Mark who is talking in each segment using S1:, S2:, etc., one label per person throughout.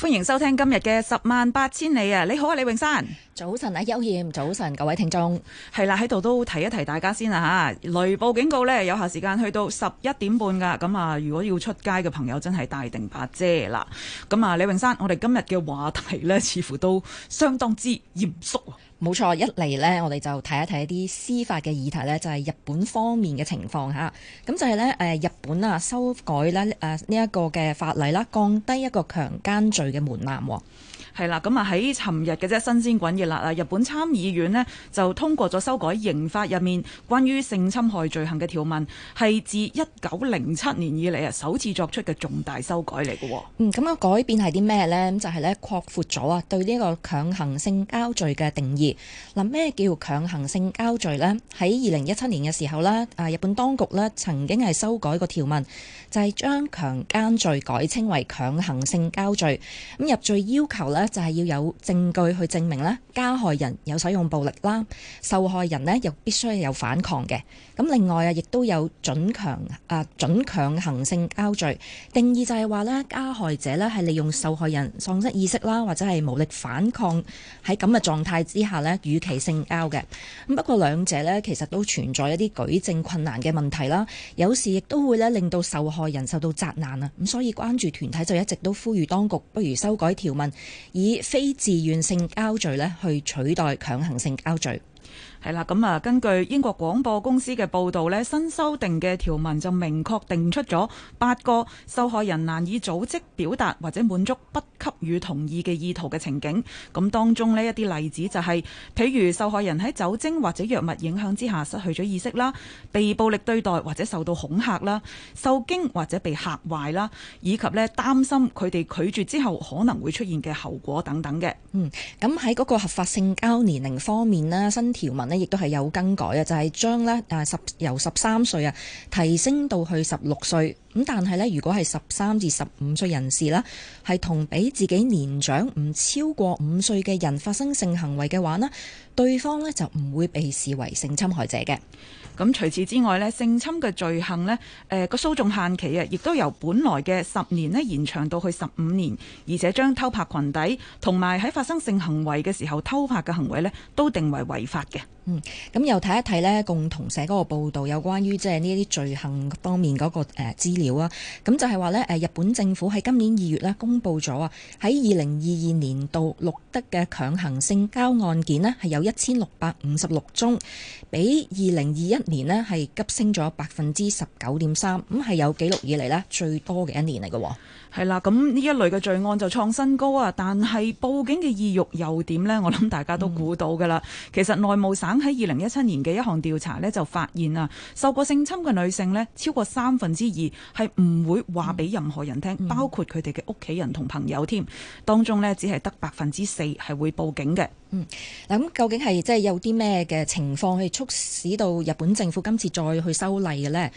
S1: 歡迎收聽今日嘅十萬八千里啊！你好啊，李永山，早晨啊，邱艷，早晨各位聽眾，係啦喺度都提一提大家先啦吓，雷暴警告呢，有效時間去到十一點半噶，咁啊，如果要出街嘅朋友真係帶定把遮啦，咁啊，李永山，我哋今日嘅話題呢，似乎都相當之嚴肅。冇錯，一嚟咧，我哋就睇一睇一啲司法嘅議題咧，就係日本方面嘅
S2: 情況吓，咁就係咧，誒日本啊，修改咧誒呢一個嘅法例啦，降
S1: 低一個強姦罪嘅門檻。係啦，咁啊喺尋日嘅啫，新鮮滾熱辣啊！日本參議院呢，就通過咗修改刑法入面關於性侵害罪行嘅條文，係自一九零七年以嚟啊首次作出嘅重大修改嚟嘅。嗯，
S2: 咁嘅改變係啲咩呢？就係咧擴闊咗啊對呢個強行性交罪嘅定義。嗱，咩叫強行性交罪呢？喺二零一七年嘅時候呢，啊日本當局咧曾經係修改個條文，就係將強姦罪改稱為強行性交罪。咁入罪要求呢。就係要有證據去證明呢，加害人有使用暴力啦，受害人呢又必須有反抗嘅。咁另外也啊，亦都有準強啊準強行性交罪，定義就係話呢，加害者呢係利用受害人喪失意識啦，或者係無力反抗喺咁嘅狀態之下呢，與其性交嘅。咁不過兩者呢，其實都存在一啲舉證困難嘅問題啦，有時亦都會呢令到受害人受到責難啊。咁所以關注團體就一直都呼籲當局，不如修改條文。以非自願性交罪咧去取
S1: 代強行性交罪。係啦，咁啊，根據英國廣播公司嘅報導咧，新修訂嘅條文就明確定出咗八個受害人難以組織表達或者滿足不給予同意嘅意圖嘅情景。咁當中呢一啲例子就係、是，譬如受害人喺酒精或者藥物影響之下失去咗意識啦，被暴力對待或者受到恐嚇啦，受驚或者被嚇壞啦，以及咧擔心佢哋拒絕之後可能會出現嘅後果等等嘅。嗯，咁喺嗰個合法性交
S2: 年齡方面咧，新條文。咧亦都係有更改啊，就係將咧啊十由十三歲啊提升到去十六歲，咁但係咧如果係十三至十五歲人士啦，係同比自己年長唔超過五歲嘅人發生性行為嘅話
S1: 呢，對方咧就唔會被視為性侵害者嘅。咁除此之外咧，性侵嘅罪行咧，誒個訴訟限期啊，亦都由本來嘅十年咧延長到去十五年，而且將偷拍裙底同埋喺發生性行為嘅時候偷拍嘅行為咧，都定為違法嘅。
S2: 嗯，咁又睇一睇咧，共同社嗰個報道有關於即係呢啲罪行方面嗰個誒資料啊。咁就係話咧，誒日本政府喺今年二月咧，公布咗啊，喺二零二二年度錄得嘅強行性交案件咧，係有一千六百五十六宗，比二零二一年咧係急升咗
S1: 百分之十九點三，咁係有紀錄以嚟咧最多嘅一年嚟嘅。係啦，咁呢一類嘅罪案就創新高啊！但係報警嘅意欲又點呢？我諗大家都估到噶啦。嗯、其實內務省喺二零一七年嘅一項調查呢，就發現啊，受過性侵嘅女性呢，超過三分之二係唔會話俾任何人聽，嗯嗯、包括佢哋嘅屋企人同朋友添。當中呢，只係得百分之四係會報警嘅。嗯，嗱，咁究竟係即
S2: 係有啲咩嘅情況去促使到日本政府今次再去修例嘅呢？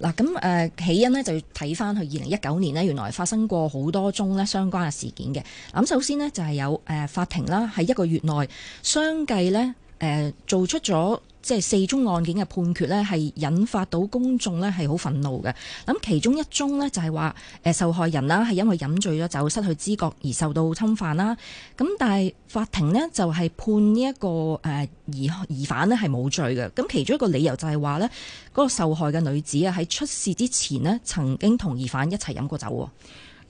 S2: 嗱，咁、呃、誒起因呢，就要睇翻去二零一九年呢，原來發生過好多宗呢相關嘅事件嘅。咁首先呢，就係、是、有誒、呃、法庭啦，喺一個月內相繼呢，誒、呃、做出咗。即係四宗案件嘅判決呢，係引發到公眾呢係好憤怒嘅。咁其中一宗呢，就係話誒受害人啦，係因為飲醉咗酒失去知覺而受到侵犯啦。咁但係法庭呢，就係判呢一個誒疑疑犯呢係冇罪嘅。咁其中一個理由就係話呢，嗰個受害嘅
S1: 女子啊，喺出事之前呢，曾經同疑犯一齊飲過酒。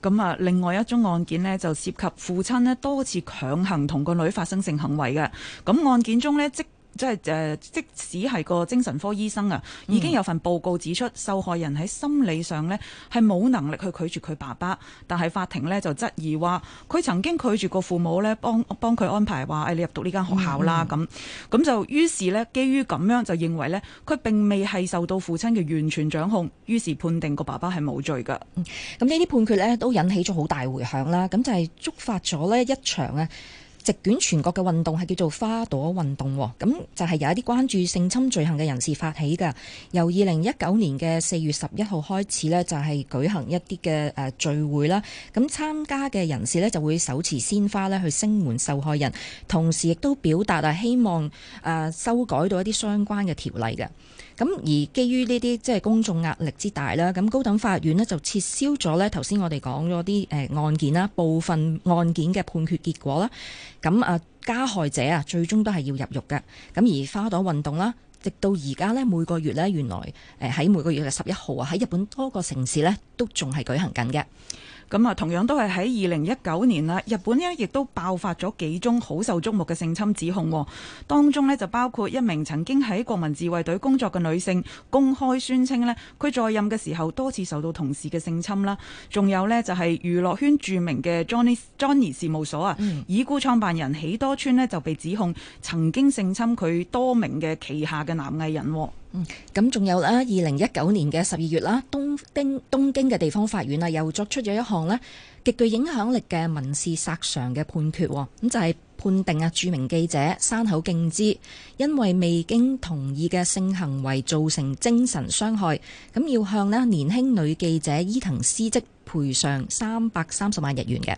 S1: 咁啊，另外一宗案件呢，就涉及父親呢多次強行同個女發生性行為嘅。咁案件中呢。即即係即使係個精神科醫生啊，已經有份報告指出受害人喺心理上呢係冇能力去拒絕佢爸爸，但係法庭呢就質疑話佢曾經拒絕過父母呢幫幫佢安排話你入讀呢間學校啦咁，咁就、嗯、於是呢，基於咁樣就認為呢，佢並未係受到父親嘅完全掌控，於是判定個爸爸係冇罪噶。
S2: 咁呢啲判決呢都引起咗好大迴響啦，咁就係觸發咗呢一場呢席捲全國嘅運動係叫做花朵運動，咁就係有一啲關注性侵罪行嘅人士發起嘅，由二零一九年嘅四月十一號開始呢就係舉行一啲嘅誒聚會啦。咁參加嘅人士呢，就會手持鮮花呢去聲援受害人，同時亦都表達啊希望誒修改到一啲相關嘅條例嘅。咁而基於呢啲即係公眾壓力之大啦，咁高等法院呢，就撤銷咗呢頭先我哋講咗啲誒案件啦，部分案件嘅判決結果啦。咁啊，加害者啊，最終都係要入獄嘅。咁而花朵運動啦，直到而家呢，每個月呢，原來誒喺
S1: 每個月嘅十一號啊，喺日本多個城市呢，都仲係舉行緊嘅。咁啊，同樣都係喺二零一九年啦，日本呢亦都爆發咗幾宗好受矚目嘅性侵指控，當中呢，就包括一名曾經喺國民自衛隊工作嘅女性公開宣稱呢，佢在任嘅時候多次受到同事嘅性侵啦，仲有呢，就係娛樂圈著名嘅 Johnny Johnny 事務所啊，已故創辦人喜多川呢，就被指控曾經性侵佢多名嘅旗下嘅男藝人。
S2: 嗯，咁仲有啦，二零一九年嘅十二月啦，東丁東京嘅地方法院啊，又作出咗一項呢極具影響力嘅民事索償嘅判決，咁就係判定啊著名記者山口敬之因為未經同意嘅性行為造成精神傷害，咁要向呢年輕女記者伊藤詩織。賠償三百三十萬
S1: 日元嘅，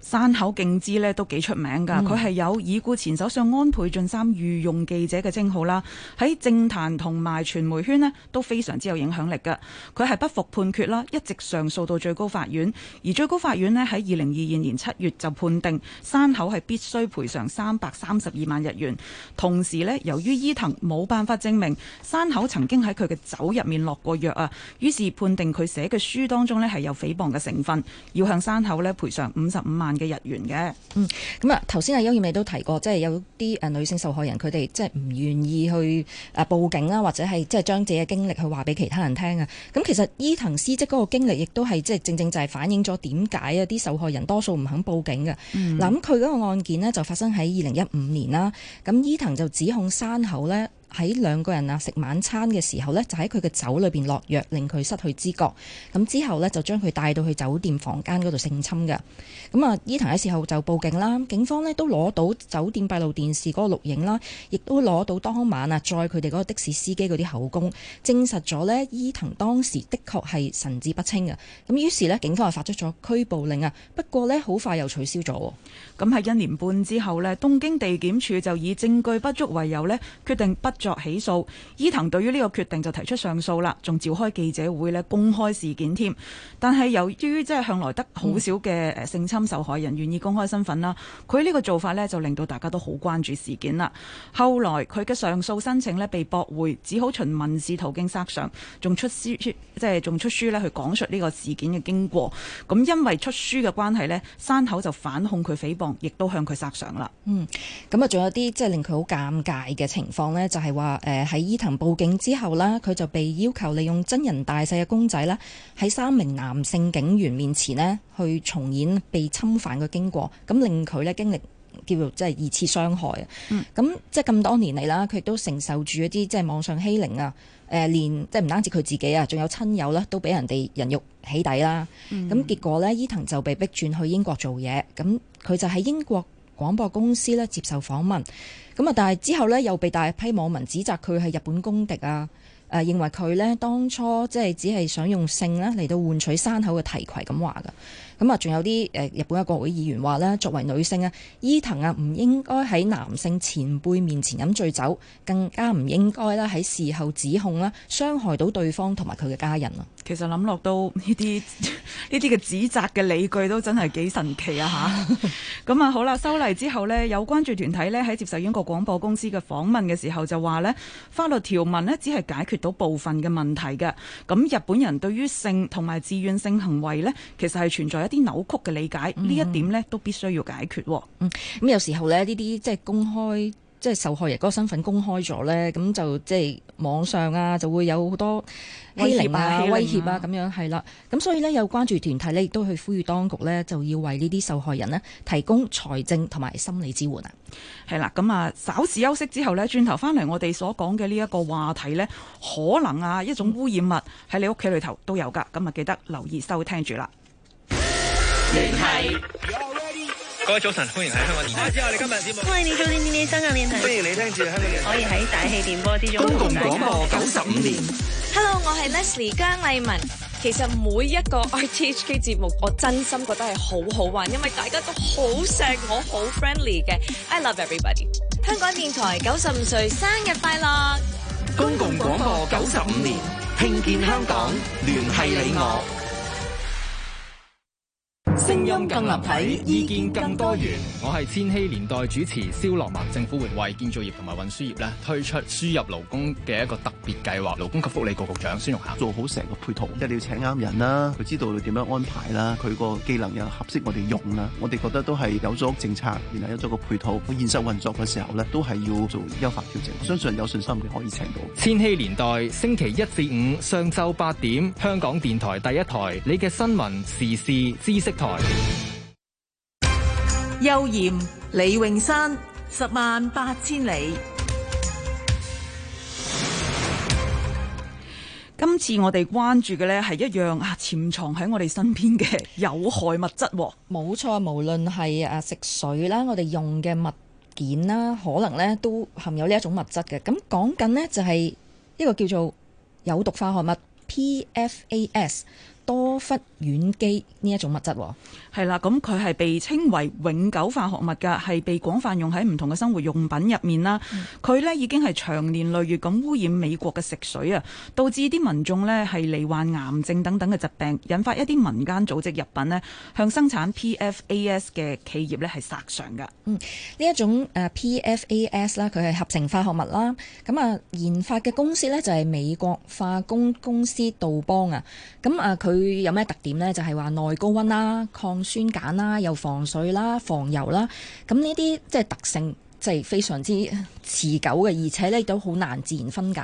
S1: 山口敬之都幾出名噶，佢係、嗯、有已故前首相安倍晉三御用記者嘅稱號啦，喺政壇同埋傳媒圈都非常之有影響力噶。佢係不服判決啦，一直上訴到最高法院，而最高法院咧喺二零二二年七月就判定山口係必須賠償三百三十二萬日元，同時呢，由於伊藤冇辦法證明山口曾經喺佢嘅酒入面落過藥啊，於是判定佢寫嘅書當中咧係有誹。嘅成分，要向山口咧賠償五十五萬嘅日元嘅。嗯，
S2: 咁啊，頭先阿邱燕美都提過，即係有啲誒女性受害人佢哋即係唔願意去誒報警啦，或者係即係將自己嘅經歷去話俾其他人聽啊。咁其實伊藤司職嗰個經歷，亦都係即係正正就係反映咗點解啊啲受害人多數唔肯報警嘅。嗱、嗯，咁佢嗰個案件呢，就發生喺二零一五年啦。咁伊藤就指控山口咧。喺兩個人啊食晚餐嘅時候呢，就喺佢嘅酒裏邊落藥，令佢失去知覺。咁之後呢，就將佢帶到去酒店房間嗰度性侵嘅。咁啊，伊藤嘅時候就報警啦。警方呢都攞到酒店閉路電視嗰個錄影啦，亦都攞到當晚啊，載佢哋嗰個的士司機嗰啲口供，證實咗呢。伊藤當時的確係神志不清嘅。咁於是呢，警方就發出咗拘捕令啊。
S1: 不過呢，好快又取消咗。咁喺一年半之後呢，東京地檢署就以證據不足為由呢，決定不作起訴，伊藤對於呢個決定就提出上訴啦，仲召開記者會呢公開事件添。但係由於即係向來得好少嘅性侵受害人願意公開身份啦，佢呢、嗯、個做法呢就令到大家都好關注事件啦。後來佢嘅上訴申請呢被駁回，只好循民事途徑索償，仲出書即係仲出書呢去講述呢個事件嘅經過。咁因為出書嘅關係呢，山口就反控佢誹謗，亦都向佢索償啦。
S2: 嗯，咁啊，仲有啲即係令佢好尷尬嘅情況呢，就係、是。話誒喺伊藤報警之後咧，佢就被要求利用真人大細嘅公仔咧，喺三名男性警員面前呢去重演被侵犯嘅經過，咁令佢咧經歷叫做即係二次傷害啊。咁即係咁多年嚟啦，佢亦都承受住一啲即係網上欺凌啊。誒，連即係唔單止佢自己啊，仲有親友啦，都俾人哋人肉起底啦。咁、嗯、結果呢，伊藤就被逼轉去英國做嘢，咁佢就喺英國。廣播公司咧接受訪問，咁啊，但係之後咧又被大批網民指責佢係日本公敵啊！誒認為佢咧當初即係只係想用性咧嚟到換取山口嘅提攜咁話嘅，咁啊仲有啲誒日本嘅國會議員話咧，作為女性啊，伊藤啊唔應該喺男性前輩面前飲醉酒，更加唔應該啦喺事後指控啦，傷害到對方
S1: 同埋佢嘅家人啊。其實諗落都呢啲呢啲嘅指責嘅理據都真係幾神奇啊嚇！咁啊 好啦，修例之後咧，有關注團體咧喺接受英國廣播公司嘅訪問嘅時候就話呢法律條文咧只係解決到部分嘅問題嘅，咁日本人對於性同埋自願性行為咧，其實係存在一啲扭曲嘅理解，呢、嗯、一點咧都必須要解決。嗯，咁
S2: 有時候咧，呢啲即係公開。即係受害人嗰個身份公開咗呢，咁就即係網上啊，就會有好多
S1: 欺凌啊、威脅啊咁、
S2: 啊、樣係啦。咁所以呢，有關注團體呢，亦都去呼籲當局呢，就要
S1: 為呢啲受害人呢，提供財政同埋心理支援啊。係啦，咁啊稍事休息之後呢，轉頭翻嚟我哋所講嘅呢一個話題呢，可能啊一種污染物喺你屋企裏頭都有噶，咁啊記得留意收聽住啦。各位早晨，歡迎喺香港電台。歡迎你早啲啲啲，香港電台。歡迎你
S2: 聽住香港電台。可以喺大氣電波
S1: 之中。公共廣播
S2: 九十五年。
S1: Hello，我係
S2: Leslie 姜麗文。其實每一個 RTHK 節目，我真心覺得係好
S1: 好玩，因為大家都好錫我，好 friendly 嘅。I love everybody。香港電台九十五歲生日快樂！
S2: 公共廣播九十五年，興建香港，聯繫你我。聲音更立體，意見更
S1: 多元。我係千禧年代主持蕭樂文。政府會為建造業同埋運輸業咧推出輸入勞工嘅一個特別計劃。勞工及福利局局長孫玉菡，做好成個配套，一定要請啱人啦，佢知道你點樣安排啦，佢個技能又合適我哋用啦。我哋覺得都係有咗政策，然後有咗個配套，佢現實運作嘅時候咧，都係要做優化調整。我相信有信心，嘅可以請到。千禧年代星期一至五上晝八點，香港電台第一台，你嘅新聞時事知識台。邱鹽、李泳山，十萬八千里。今次我哋關注嘅呢係一樣啊，潛藏喺我哋身邊嘅有害物質。冇錯，無論係啊食水啦，我哋用嘅物件啦，可能呢
S2: 都含有呢一種物質嘅。咁講緊呢，就係一個叫做有毒化、化學物
S1: P F A S 多氟。軟基呢一種物質係啦，咁佢係被稱為永久化學物噶，係被廣泛用喺唔同嘅生活用品入面啦。佢呢已經係長年累月咁污染美國嘅食水啊，導致啲民眾呢係罹患癌症等等嘅疾病，引發一啲民間組織入品呢向生產 PFAS 嘅企業呢係索償噶。嗯，
S2: 呢一種誒 PFAS 啦，佢係合成化學物啦。咁啊，研發嘅公司呢就係美國化工公司杜邦啊。咁啊，佢有咩特點？點咧，就係話耐高溫啦、抗酸鹼啦、又防水啦、防油啦，咁呢啲即係特性，即係非常之持久嘅，而且呢都好難自然分解。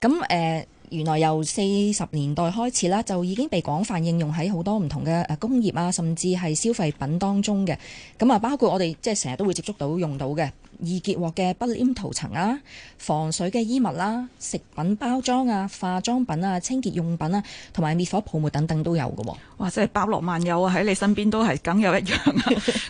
S2: 咁誒、呃，原來由四十年代開始啦，就已經被廣泛應用喺好多唔同嘅誒工業啊，甚至係消費品當中嘅。咁啊，包括我哋即係成日都會接觸到用到嘅。易結鑊嘅不粘塗層啊，防水嘅衣物啦、啊，食品包裝啊，化妝品啊，清
S1: 潔用品啊，同埋滅火泡沫等等都有嘅喎、哦。哇，即係包羅萬有啊！喺你身邊都係梗有一樣、啊。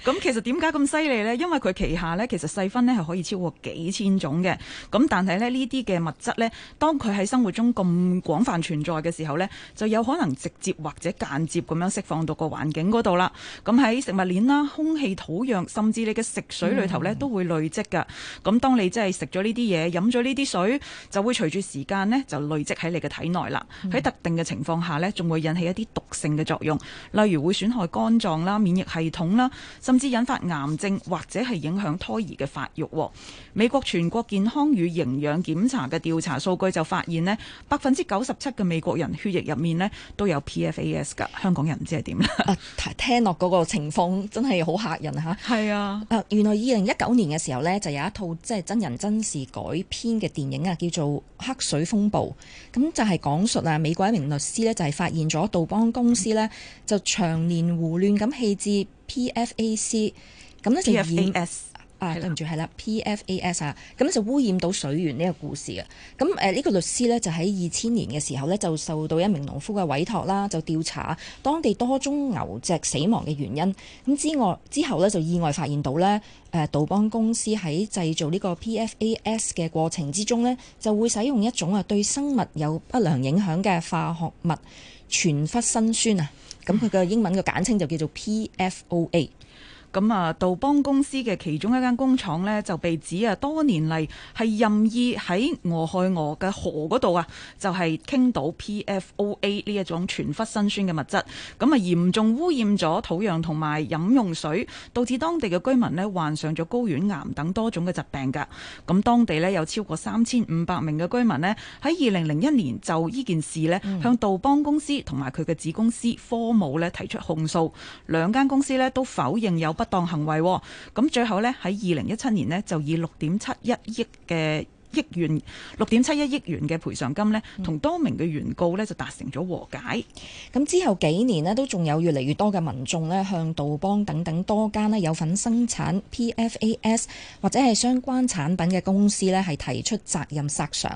S1: 咁 其實點解咁犀利呢？因為佢旗下呢，其實細分呢係可以超過幾千種嘅。咁但係呢啲嘅物質呢，當佢喺生活中咁廣泛存在嘅時候呢，就有可能直接或者間接咁樣釋放到個環境嗰度啦。咁喺食物鏈啦、空氣、土壤，甚至你嘅食水裏頭呢，都會累積。噶，咁當你真係食咗呢啲嘢，飲咗呢啲水，就會隨住時間呢就累積喺你嘅體內啦。喺特定嘅情況下呢，仲會引起一啲毒性嘅作用，例如會損害肝臟啦、免疫系統啦，甚至引發癌症或者係影響胎兒嘅發育。美國全國健康與營養檢查嘅調查數據就發現呢，百分之九十七嘅美國人血液入面呢都有 PFAS 噶。香港人唔知係點啦。啊，聽落嗰個情
S2: 況真係好吓人吓。係啊。原來二零一九年嘅時候呢。咧就有一套即係真人真事改編嘅電影啊，叫做《黑水風暴》。咁就係講述啊，美國一名律師咧就係發現咗杜邦公司咧就長年胡亂咁棄置 P F, AC, P F A C，咁咧就。S 啊，對唔住係啦 PFAS 啊，咁就污染到水源呢個故事啊。咁誒呢個律師呢，就喺二千年嘅時候呢，就受到一名農夫嘅委託啦，就調查當地多宗牛隻死亡嘅原因。咁之外之後呢，就意外發現到呢，誒、呃、杜邦公司喺製造呢個 PFAS 嘅過程之中呢，就會使用一種啊對生物有不良影響嘅化學物全氟辛酸啊。咁佢嘅英文嘅簡稱就叫做 PFOA。
S1: 咁啊，杜邦公司嘅其中一間工廠咧就被指啊，多年嚟係任意喺俄亥俄嘅河嗰度啊，就係、是、傾倒 PFOA 呢一種全氟辛酸嘅物質，咁啊嚴重污染咗土壤同埋飲用水，導致當地嘅居民咧患上咗睾丸癌等多種嘅疾病噶，咁當地咧有超過三千五百名嘅居民咧，喺二零零一年就呢件事咧向杜邦公司同埋佢嘅子公司科姆咧提出控訴，兩間公司咧都否認有。不當行為，咁最後咧喺二零一七年咧就以六點七一億嘅億元六點七一億元嘅賠償金呢同多名嘅原告呢就達成咗和解。
S2: 咁之後幾年呢，都仲有越嚟越多嘅民眾呢向杜邦等等多間呢有份生產 PFAS 或者係相關產品嘅公司呢係提出責任索償。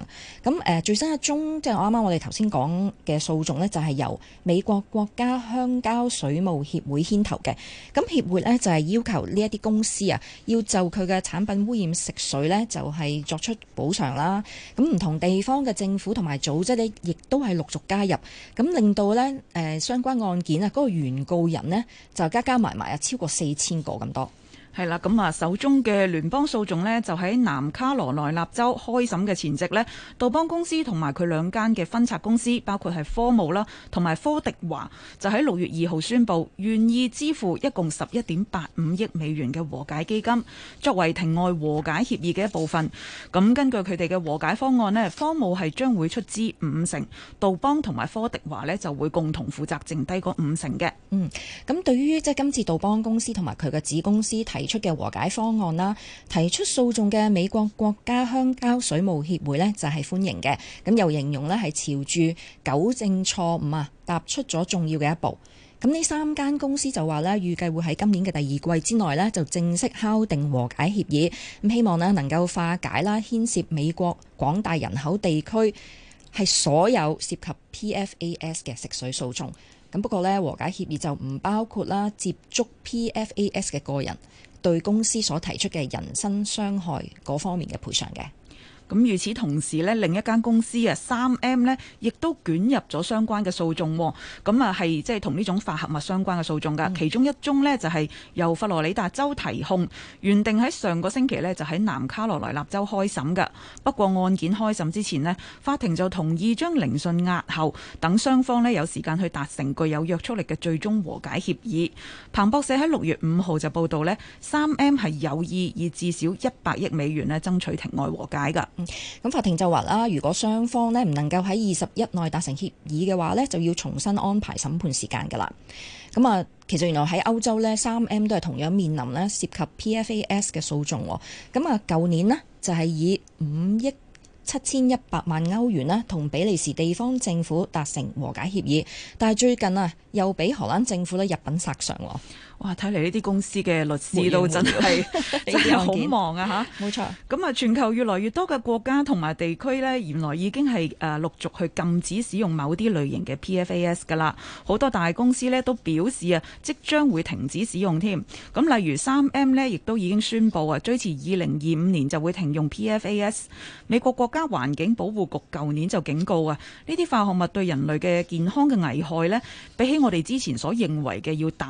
S2: 咁誒、呃、最新一宗，即、就、係、是、我啱啱我哋頭先講嘅訴訟呢，就係、是、由美國國家鄉郊水務協會牽頭嘅。咁協會呢，就係、是、要求呢一啲公司啊，要就佢嘅產品污染食水呢，就係、是、作出補償啦，咁唔同地方嘅政府同埋組織呢，亦都係陸續加入，咁令到呢誒，相關案件啊，嗰個原告人呢，就加加埋埋啊，
S1: 超過四千個咁多。係啦，咁啊，手中嘅聯邦訴訟呢，就喺南卡羅來納州開審嘅前夕呢，杜邦公司同埋佢兩間嘅分拆公司，包括係科慕啦，同埋科迪華，就喺六月二號宣布願意支付一共十一點八五億美元嘅和解基金，作為庭外和解協議嘅一部分。咁根據佢哋嘅和解方案呢，科慕係將會出資五成，杜邦同埋科迪華呢就會共同負責剩低嗰五成嘅。嗯，咁對於即係今次杜邦
S2: 公司同埋佢嘅子公司提。提出嘅和解方案啦，提出訴訟嘅美國國家鄉郊水務協會呢，就係歡迎嘅，咁又形容呢，係朝住糾正錯誤啊，踏出咗重要嘅一步。咁呢三間公司就話咧，預計會喺今年嘅第二季之內呢，就正式敲定和解協議，咁希望呢，能夠化解啦牽涉美國廣大人口地區係所有涉及 PFAS 嘅食水訴訟。咁不過呢，和解協議就唔包括啦接觸 PFAS 嘅個人。對公司所提出嘅人身傷害嗰方面嘅賠
S1: 償嘅。咁，與此同時呢，另一間公司啊，三 M 呢亦都捲入咗相關嘅訴訟。咁啊，係即係同呢種化合物相關嘅訴訟㗎。嗯、其中一宗呢，就係由佛羅里達州提控，原定喺上個星期呢，就喺南卡羅來納州開審㗎。不過案件開審之前呢，法庭就同意將聆訊押後，等雙方呢，有時間去達成具有約束力嘅最終和解協議。彭博社喺六月五號就報道，呢三 M 係有意以至少一百億美元呢，爭取庭外和解㗎。咁法庭就話啦，如果雙方咧唔能夠喺二十一內達成協
S2: 議嘅話咧，就要重新安排審判時間噶啦。咁啊，其實原來喺歐洲呢，三 M 都係同樣面臨咧涉及 P F A S 嘅訴訟。咁啊，舊年呢就係以五億七千一百萬歐元咧同比利時地方政府達成和解協議，但係最近啊又俾荷蘭政府咧入稟索償。
S1: 哇！睇嚟呢啲公司嘅律師都真係 真係好忙啊，吓冇 錯，咁啊，全球越來越多嘅國家同埋地區咧，原來已經係誒陸續去禁止使用某啲類型嘅 PFAS 㗎啦。好多大公司咧都表示啊，即將會停止使用添。咁例如三 M 咧，亦都已經宣佈啊，最遲二零二五年就會停用 PFAS。美國國家環境保護局舊年就警告啊，呢啲化學物對人類嘅健康嘅危害咧，比起我哋之前所認為嘅要大。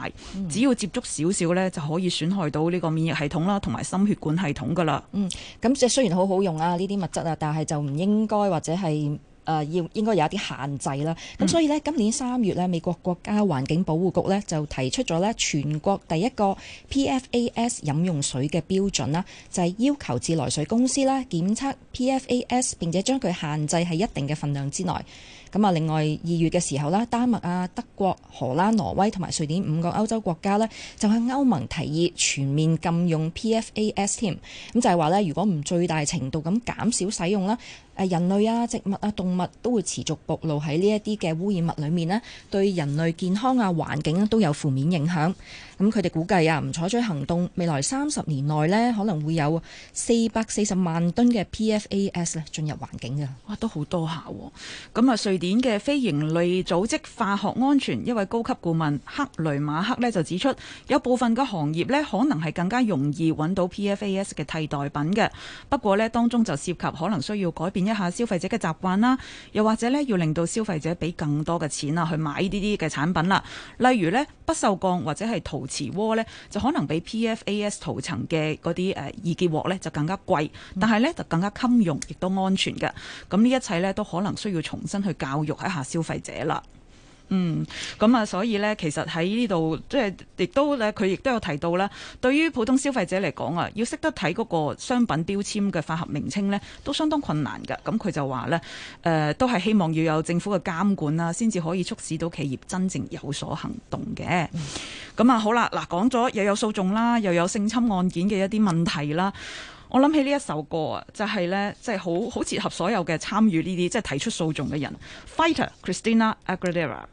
S1: 只要，嗯接觸少少咧，就可以損害到呢個免疫系統啦，同埋心血管系統噶啦。嗯，咁即係雖然好
S2: 好用啊，呢啲物質啊，但係就唔應該或者係誒要應該有一啲限制啦。咁所以呢，今年三月咧，美國國家環境保護局咧就提出咗咧全國第一個 PFAS 飲用水嘅標準啦，就係、是、要求自來水公司啦檢測 PFAS，並且將佢限制喺一定嘅分量之內。咁啊，另外二月嘅時候咧，丹麥啊、德國、荷蘭、挪威同埋瑞典五個歐洲國家咧就向歐盟提議全面禁用 PFAS 添。咁就係話咧，如果唔最大程度咁減少使用啦，誒人類啊、植物啊、動物都會持續暴露喺呢一啲嘅污染物裏面咧，對人類健康啊、環境都有負面影響。咁佢哋估計啊，唔採取行動，未來三十年內咧，可能會有四百四十萬噸嘅 PFAS 咧進入環境嘅。哇，都好多下、啊。
S1: 咁啊，瑞典嘅非盈利組織化學安全一位高級顧問克雷馬克咧就指出，有部分嘅行業咧可能係更加容易揾到 PFAS 嘅替代品嘅。不過咧，當中就涉及可能需要改變一下消費者嘅習慣啦，又或者咧要令到消費者俾更多嘅錢啦、啊、去買呢啲啲嘅產品啦。例如咧，不銹鋼或者係陶。瓷鍋呢就可能比 PFAS 塗層嘅嗰啲誒易潔鑊呢就更加貴，但係呢就更加襟用，亦都安全嘅。咁呢一切呢都可能需要重新去教育一下消費者啦。嗯，咁啊，所以呢，其實喺呢度，即係亦都咧，佢亦都有提到啦。對於普通消費者嚟講啊，要識得睇嗰個商品標籤嘅化學名稱呢，都相當困難噶。咁佢就話呢，誒、呃，都係希望要有政府嘅監管啊，先至可以促使到企業真正有所行動嘅。咁啊、嗯嗯，好啦，嗱，講咗又有訴訟啦，又有性侵案件嘅一啲問題啦。我諗起呢一首歌啊，就係、是、咧，即係好好適合所有嘅參與呢啲即係提出訴訟嘅人。 Fighter Christina Aguilera